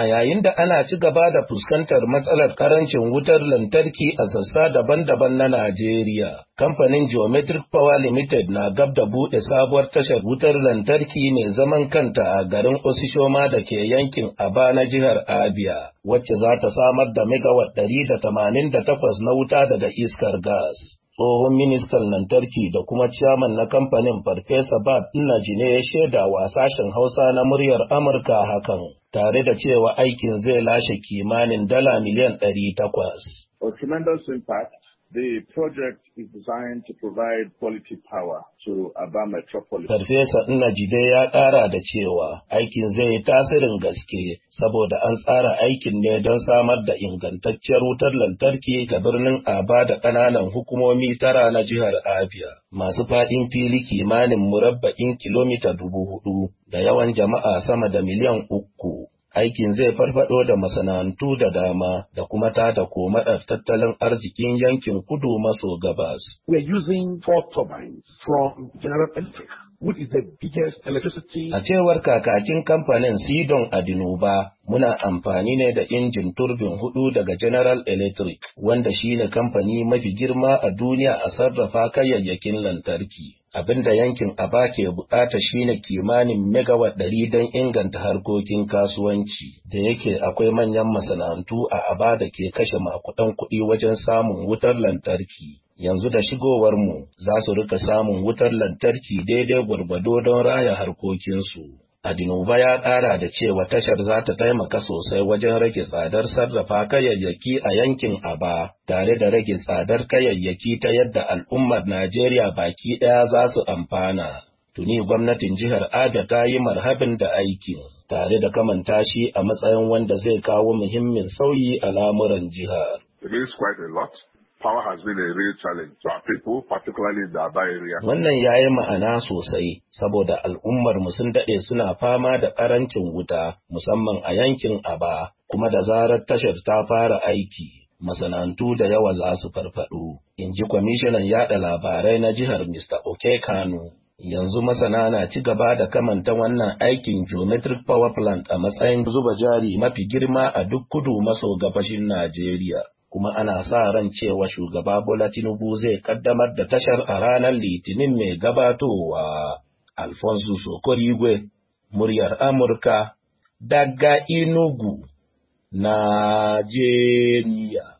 a yayin da ana ci gaba da fuskantar matsalar karancin wutar lantarki a sassa daban-daban na Najeriya. Kamfanin Geometric Power Limited na gab da buɗe sabuwar tashar wutar lantarki mai zaman kanta a garin Osishoma da ke yankin Aba na jihar Abia, wacce za ta samar da megawatt 188 na wuta daga iskar gas. tsohon ministan lantarki da kuma ciyaman na kamfanin farfesa bab ina jine ya shaida wa sashen hausa na muryar amurka hakan tare da cewa aikin zai lashe kimanin dala miliyan ɗari takwas. A tremendous impact The project is designed to provide power to Aba Metropolis. Farfesa Nnajide ya ƙara da cewa aikin zai yi tasirin gaske saboda an tsara aikin ne don samar da ingantacciyar wutar lantarki ga birnin Aba da ƙananan hukumomi tara na jihar Abia. Masu faɗin fili kimanin murabba'in kilomita dubu hudu da yawan jama'a sama da miliyan uku. aikin zai farfado da masana'antu da dama da kuma ta tada komadar tattalin arzikin yankin kudu maso gabas. We are using four A cewar kakakin kamfanin Sidon Adinuba, muna amfani ne da injin turbin hudu daga General Electric, wanda shine kamfani mafi girma a duniya a sarrafa kayayyakin lantarki. abinda yankin aba ke bukata shine kimanin megawatt ɗari don inganta harkokin kasuwanci da yake akwai manyan masana'antu a aba da ke kashe makudan kuɗi wajen samun wutar lantarki yanzu da shigowarmu za su rika samun wutar lantarki daidai gwargwado don raya harkokinsu Adinuba ya ƙara da cewa tashar za ta taimaka sosai wajen rage tsadar sarrafa kayayyaki a yankin Aba, tare da rage tsadar kayayyaki ta yadda al'ummar Najeriya baki ɗaya za su amfana. Tuni gwamnatin jihar Ada ta yi marhabin da aiki tare da kamanta shi a matsayin wanda zai kawo muhimmin sauyi a lamuran jihar. It is quite a lot. power has been a real challenge to our people, particularly in the Aba area. Wannan ya yi ma'ana sosai, saboda al'ummar mu sun daɗe suna fama da ƙarancin wuta, musamman a yankin Aba, kuma da zarar tashar ta fara aiki. Masana'antu da yawa za su farfaɗo, in ji kwamishinan yaɗa labarai na jihar Mr. Oke Kano. yanzu masana na ci gaba da kamanta wannan aikin geometric power plant a matsayin zuba jari mafi girma a duk kudu maso gabashin Najeriya. kuma ana sa ran cewa shugaba Bola Tinubu zai kaddamar da tashar a ranar Litinin mai gabatowa Alfonso Sokorigwe, muryar Amurka, daga Inugu, Najeriya.